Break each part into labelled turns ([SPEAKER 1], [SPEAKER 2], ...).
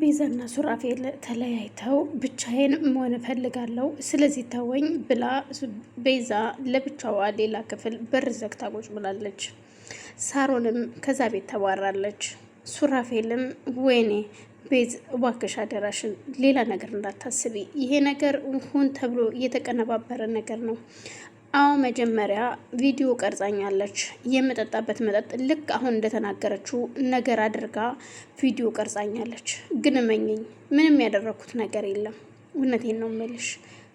[SPEAKER 1] ቤዛና ሱራፌል ተለያይተው ብቻዬን መሆን እፈልጋለሁ ስለዚህ ተወኝ ብላ ቤዛ ለብቻዋ ሌላ ክፍል በር ዘግታ ቁጭ ብላለች። ሳሮንም ከዛ ቤት ተባራለች። ሱራፌልም ወይኔ ቤዝ እባክሽ አደራሽን ሌላ ነገር እንዳታስቢ፣ ይሄ ነገር ሁን ተብሎ የተቀነባበረ ነገር ነው። አዎ መጀመሪያ ቪዲዮ ቀርጻኛለች። የምጠጣበት መጠጥ ልክ አሁን እንደተናገረችው ነገር አድርጋ ቪዲዮ ቀርጻኛለች። ግን እመኘኝ፣ ምንም ያደረኩት ነገር የለም። እውነቴን ነው የምልሽ።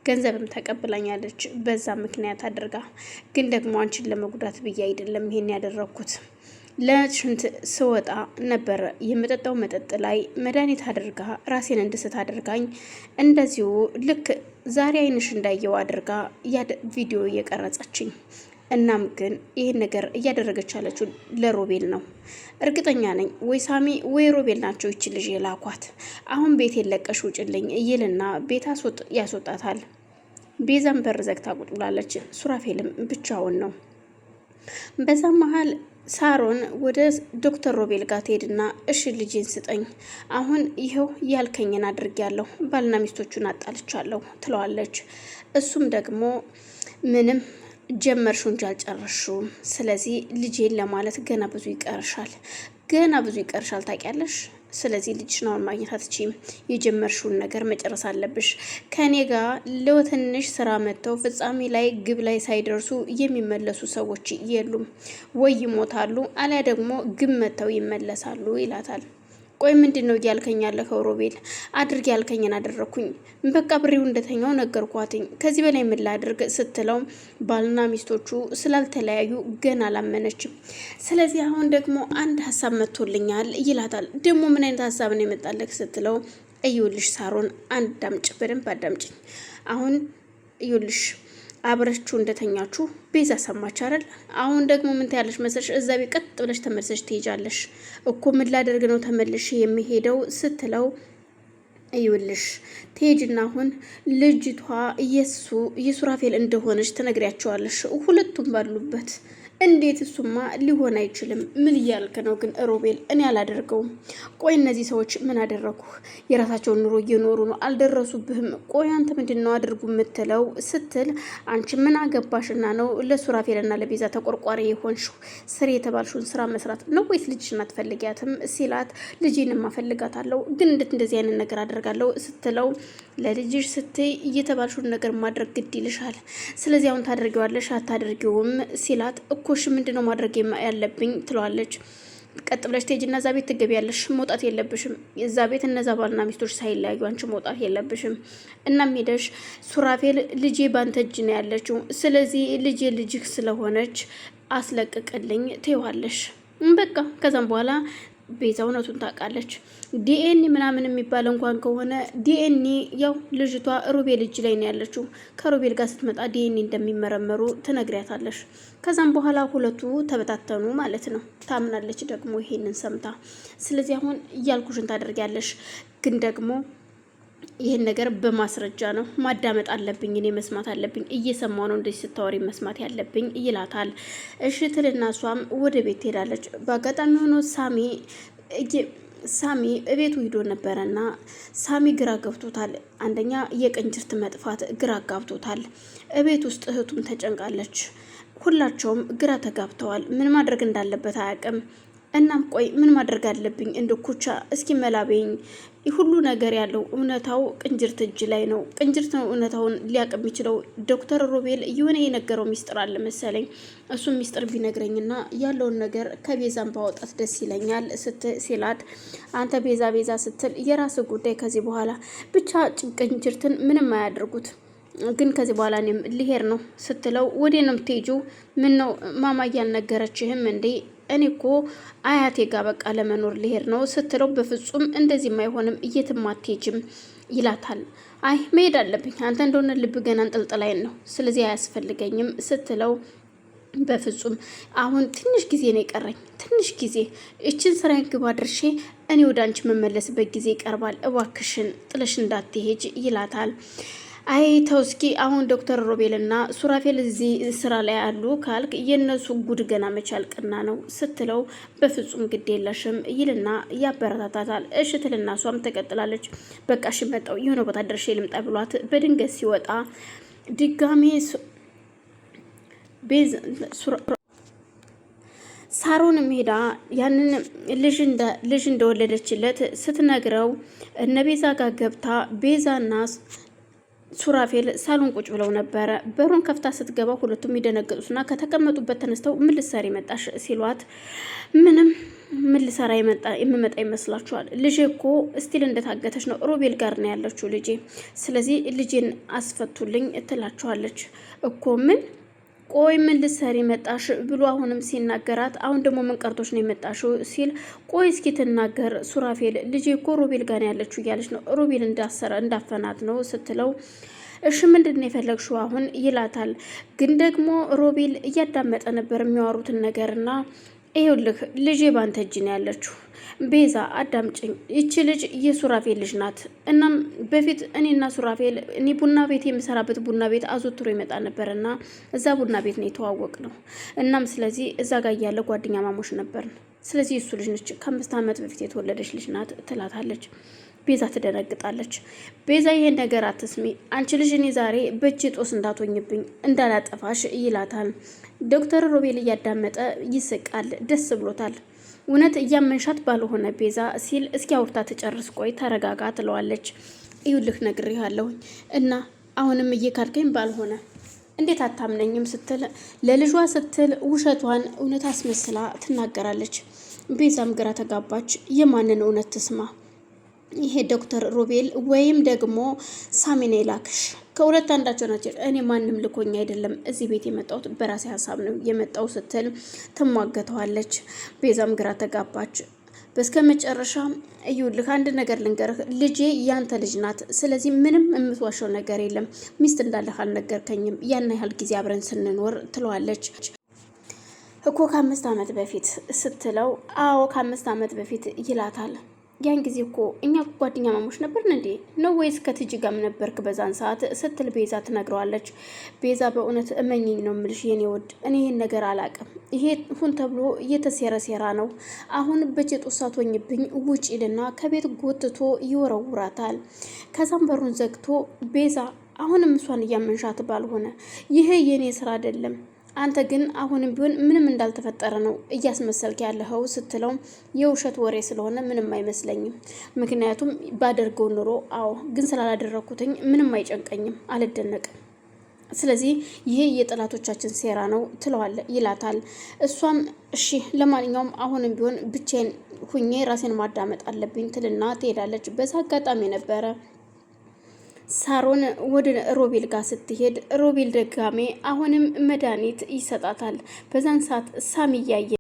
[SPEAKER 1] ገንዘብም ተቀብላኛለች በዛ ምክንያት አድርጋ። ግን ደግሞ አንቺን ለመጉዳት ብዬ አይደለም ይሄን ያደረኩት ለሽንት ስወጣ ነበር የምጠጣው መጠጥ ላይ መድኃኒት አድርጋ ራሴን እንድስት አድርጋኝ እንደዚሁ ልክ ዛሬ አይንሽ እንዳየው አድርጋ ቪዲዮ እየቀረጸችኝ እናም ግን ይህን ነገር እያደረገች ያለችው ለሮቤል ነው እርግጠኛ ነኝ። ወይ ሳሚ ወይ ሮቤል ናቸው ይች ልጅ የላኳት። አሁን ቤት የለቀሽ ውጭልኝ ይልና ቤት ያስወጣታል። ቤዛን በር ዘግታ ቁጭ ብላለች። ሱራፌልም ብቻውን ነው። በዛም መሀል ሳሮን ወደ ዶክተር ሮቤል ጋር ትሄድና እሺ ልጄን ስጠኝ፣ አሁን ይኸው ያልከኝን አድርጌያለሁ፣ ባልና ሚስቶቹን አጣልቻለሁ ትለዋለች። እሱም ደግሞ ምንም ጀመርሽው እንጂ አልጨረስሽውም፣ ስለዚህ ልጄን ለማለት ገና ብዙ ይቀርሻል፣ ገና ብዙ ይቀርሻል ታውቂያለሽ ስለዚህ ልጅሽን አሁን ማግኘት አትችይም። የጀመርሽውን ነገር መጨረስ አለብሽ። ከኔ ጋር ለትንሽ ስራ መጥተው ፍጻሜ ላይ ግብ ላይ ሳይደርሱ የሚመለሱ ሰዎች የሉም። ወይ ይሞታሉ፣ አሊያ ደግሞ ግብ መጥተው ይመለሳሉ ይላታል። ቆይ ምንድን ነው እያልከኝ ያለከው ሮቤል? አድርግ ያልከኝን አደረግኩኝ። በቃ ብሬው እንደተኛው ነገርኳትኝ። ከዚህ በላይ ምን ላድርግ ስትለው ባልና ሚስቶቹ ስላልተለያዩ ገና አላመነችም። ስለዚህ አሁን ደግሞ አንድ ሀሳብ መጥቶልኛል ይላታል። ደግሞ ምን አይነት ሀሳብ ነው የመጣለክ ስትለው እዩልሽ፣ ሳሮን አንድ ዳምጭ፣ በደንብ አዳምጭኝ። አሁን እዩልሽ አብረችሁ እንደተኛችሁ ቤዛ ሰማች አይደል? አሁን ደግሞ ምን ታያለሽ መሰለሽ? እዛ ቤት ቀጥ ብለሽ ተመልሰሽ ትሄጃለሽ እኮ። ምን ላደርግ ነው ተመልሽ የሚሄደው ስትለው ይውልሽ ቴጅና አሁን ልጅቷ የሱ የሱራፌል እንደሆነች ትነግሪያቸዋለሽ። ሁለቱም ባሉበት እንዴት እሱማ ሊሆን አይችልም። ምን እያልክ ነው ግን ሮቤል? እኔ አላደርገውም። ቆይ እነዚህ ሰዎች ምን አደረኩ የራሳቸውን ኑሮ እየኖሩ ነው፣ አልደረሱብህም። ቆይ አንተ ምንድን ነው አድርጉ የምትለው ስትል፣ አንቺ ምን አገባሽና ነው ለሱራፌልና ለቤዛ ተቆርቋሪ የሆንሽው? ስር የተባልሽውን ስራ መስራት ነው ወይስ ልጅሽን አትፈልጊያትም? ሲላት ማፈልጋት ማፈልጋታለሁ፣ ግን እንዴት እንደዚህ አይነት ነገር አደርጋለሁ ስትለው፣ ለልጅሽ ስትይ እየተባልሽውን ነገር ማድረግ ግድ ይልሻል። ስለዚህ አሁን ታደርጊዋለሽ አታደርጊውም? ሲላት ኮሽ ምንድነው ነው ማድረግ ያለብኝ ትለዋለች። ቀጥ ብለሽ ትሄጂና እዛ ቤት ትገቢያለሽ። መውጣት የለብሽም እዛ ቤት እነዛ ባልና ሚስቶች ሳይለያዩ አንቺ መውጣት የለብሽም። እናም ሄደሽ ሱራፌል ልጄ ባንተ እጅ ነው ያለችው፣ ስለዚህ ልጄ ልጅህ ስለሆነች አስለቅቅልኝ ትይዋለሽ። በቃ ከዛም በኋላ ቤዛ እውነቱን ታውቃለች። ዲኤኒ ምናምን የሚባል እንኳን ከሆነ ዲኤንኤ ያው ልጅቷ ሩቤል እጅ ላይ ነው ያለችው። ከሩቤል ጋር ስትመጣ ዲኤንኤ እንደሚመረመሩ ትነግሪያታለሽ። ከዛም በኋላ ሁለቱ ተበታተኑ ማለት ነው። ታምናለች ደግሞ ይሄንን ሰምታ። ስለዚህ አሁን እያልኩሽን ታደርጊያለሽ ግን ደግሞ ይህን ነገር በማስረጃ ነው ማዳመጥ አለብኝ፣ እኔ መስማት አለብኝ። እየሰማሁ ነው እንደዚህ ስታወሪ መስማት ያለብኝ ይላታል። እሺ ትልና እሷም ወደ ቤት ትሄዳለች። በአጋጣሚ ሆኖ ሳሚ ሳሚ እቤቱ ሂዶ ነበረና ሳሚ ግራ ገብቶታል። አንደኛ የቅንጅርት መጥፋት ግራ ጋብቶታል። እቤት ውስጥ እህቱም ተጨንቃለች። ሁላቸውም ግራ ተጋብተዋል። ምን ማድረግ እንዳለበት አያውቅም። እናም ቆይ ምን ማድረግ አለብኝ እንደ ኩቻ እስኪ መላበኝ ሁሉ ነገር ያለው እውነታው ቅንጅርት እጅ ላይ ነው። ቅንጅርት ነው እውነታውን ሊያቅ የሚችለው። ዶክተር ሮቤል የሆነ የነገረው ሚስጥር አለ መሰለኝ። እሱ ሚስጥር ቢነግረኝና ያለውን ነገር ከቤዛን ባወጣት ደስ ይለኛል ስት ሲላት፣ አንተ ቤዛ ቤዛ ስትል የራስ ጉዳይ ከዚህ በኋላ ብቻ ቅንጅርትን ምንም አያደርጉት ግን ከዚህ በኋላ እኔም ልሄድ ነው ስትለው፣ ወዴ ነው የምትሄጂው? ምን ነው ማማ እያልነገረችህም እንዴ እኔ እኮ አያቴ ጋር በቃ ለመኖር ልሄድ ነው ስትለው፣ በፍጹም እንደዚህም አይሆንም እየትም አትሄጂም ይላታል። አይ መሄድ አለብኝ አንተ እንደሆነ ልብ ገና እንጠልጥላይን ነው ስለዚህ አያስፈልገኝም ስትለው በፍጹም አሁን ትንሽ ጊዜ ነው የቀረኝ። ትንሽ ጊዜ እችን ስራ ግብ አድርሼ እኔ ወደ አንቺ መመለስበት ጊዜ ይቀርባል። እባክሽን ጥለሽ እንዳትሄጅ ይላታል። አይ ተው እስኪ አሁን ዶክተር ሮቤልና ሱራፌል እዚህ ስራ ላይ አሉ ካልክ የእነሱ ጉድ ገና መቻል ቅና ነው ስትለው በፍጹም ግድ የለሽም ይልና ያበረታታታል። እሺ ትልና እሷም ትቀጥላለች። በቃ እሺ መጣው የሆነ ቦታ ደርሼ ልምጣ ብሏት በድንገት ሲወጣ ድጋሜ ቤዝ ሳሮን ሜዳ ያንን ልጅ እንደወለደችለት ስትነግረው እነ ቤዛ ጋር ገብታ ቤዛና ሱራፌል ሳሎን ቁጭ ብለው ነበረ። በሩን ከፍታ ስትገባ ሁለቱም ይደነገጡና ከተቀመጡበት ተነስተው ምን ልትሰሪ መጣሽ ሲሏት ምንም ምን ልሰራ የምመጣ ይመስላችኋል? ልጄ እኮ ስቲል እንደታገተች ነው፣ ሮቤል ጋር ነው ያለችው ልጄ። ስለዚህ ልጄን አስፈቱልኝ ትላችኋለች እኮ ምን ቆይ ምን ልትሰሪ መጣሽ ብሎ አሁንም ሲናገራት፣ አሁን ደግሞ ምን ቀርቶች ነው የመጣሽው ሲል፣ ቆይ እስኪ ትናገር ሱራፌል፣ ልጄ እኮ ሮቤል ጋር ያለችው እያለች ነው ሮቤል እንዳሰረ እንዳፈናት ነው ስትለው እሺ ምንድን ነው የፈለግሽው አሁን ይላታል። ግን ደግሞ ሮቤል እያዳመጠ ነበር የሚያወሩትን ነገርና ይኸውልህ ልጄ ባንተ እጅ ነው ያለችው። ቤዛ አዳምጭኝ ይቺ ልጅ የሱራፌል ልጅ ናት። እናም በፊት እኔና ሱራፌል እኔ ቡና ቤት የምሰራበት ቡና ቤት አዘውትሮ ይመጣ ነበር እና እዛ ቡና ቤት ነው የተዋወቅ ነው። እናም ስለዚህ እዛ ጋር እያለ ጓደኛ ማሞች ነበርን። ስለዚህ እሱ ልጅ ነች፣ ከአምስት ዓመት በፊት የተወለደች ልጅ ናት ትላታለች። ቤዛ ትደነግጣለች። ቤዛ ይሄን ነገር አትስሚ፣ አንቺ ልጅ እኔ ዛሬ በእጅ ጦስ እንዳትሆኝብኝ እንዳላጠፋሽ ይላታል። ዶክተር ሮቤል እያዳመጠ ይስቃል። ደስ ብሎታል። እውነት እያመንሻት ባልሆነ ቤዛ ሲል እስኪ አውርታ ትጨርስ፣ ቆይ ተረጋጋ ትለዋለች። ይኸውልህ ነግሬሃለሁኝ እና አሁንም እየካድከኝ ባልሆነ እንዴት አታምነኝም? ስትል ለልጇ ስትል ውሸቷን እውነት አስመስላ ትናገራለች። ቤዛም ግራ ተጋባች። የማንን እውነት ትስማ? ይሄ ዶክተር ሮቤል ወይም ደግሞ ሳሚኔ ላክሽ ከሁለት አንዳቸው ናቸው። እኔ ማንም ልኮኝ አይደለም እዚህ ቤት የመጣሁት በራሴ ሀሳብ ነው የመጣው ስትል ትሟገተዋለች። ቤዛም ግራ ተጋባች። በስከ መጨረሻ እዩልህ፣ አንድ ነገር ልንገርህ፣ ልጄ ያንተ ልጅ ናት። ስለዚህ ምንም የምትዋሸው ነገር የለም። ሚስት እንዳለህ አልነገርከኝም፣ ያን ያህል ጊዜ አብረን ስንኖር ትለዋለች እኮ ከአምስት ዓመት በፊት ስትለው፣ አዎ ከአምስት ዓመት በፊት ይላታል። ያን ጊዜ እኮ እኛ ጓደኛ ማሞች ነበርን እንዴ ነው ወይስ ከትጅ ጋም ነበርክ በዛን ሰዓት ስትል ቤዛ ትነግረዋለች። ቤዛ በእውነት እመኝኝ ነው ምልሽ የኔ ውድ፣ እኔ ይህን ነገር አላቅም። ይሄ ሁን ተብሎ እየተሴረ ሴራ ነው። አሁን በጀት ውሳቶኝብኝ ውጪልና ከቤት ጎትቶ ይወረውራታል። ከዛም በሩን ዘግቶ ቤዛ አሁንም እሷን እያመንሻት ባልሆነ ይሄ የእኔ ስራ አይደለም አንተ ግን አሁንም ቢሆን ምንም እንዳልተፈጠረ ነው እያስመሰልክ ያለኸው ስትለው የውሸት ወሬ ስለሆነ ምንም አይመስለኝም። ምክንያቱም ባደርገው ኑሮ አዎ፣ ግን ስላላደረግኩትኝ ምንም አይጨንቀኝም፣ አልደነቅም። ስለዚህ ይሄ የጠላቶቻችን ሴራ ነው ትለዋለ ይላታል። እሷም እሺ ለማንኛውም አሁንም ቢሆን ብቻዬን ሁኜ ራሴን ማዳመጥ አለብኝ ትልና ትሄዳለች። በዛ አጋጣሚ ነበረ ሳሮን ወደ ሮቤል ጋር ስትሄድ ሮቤል ደጋሜ አሁንም መድኃኒት ይሰጣታል። በዛን ሰዓት ሳሚ እያየ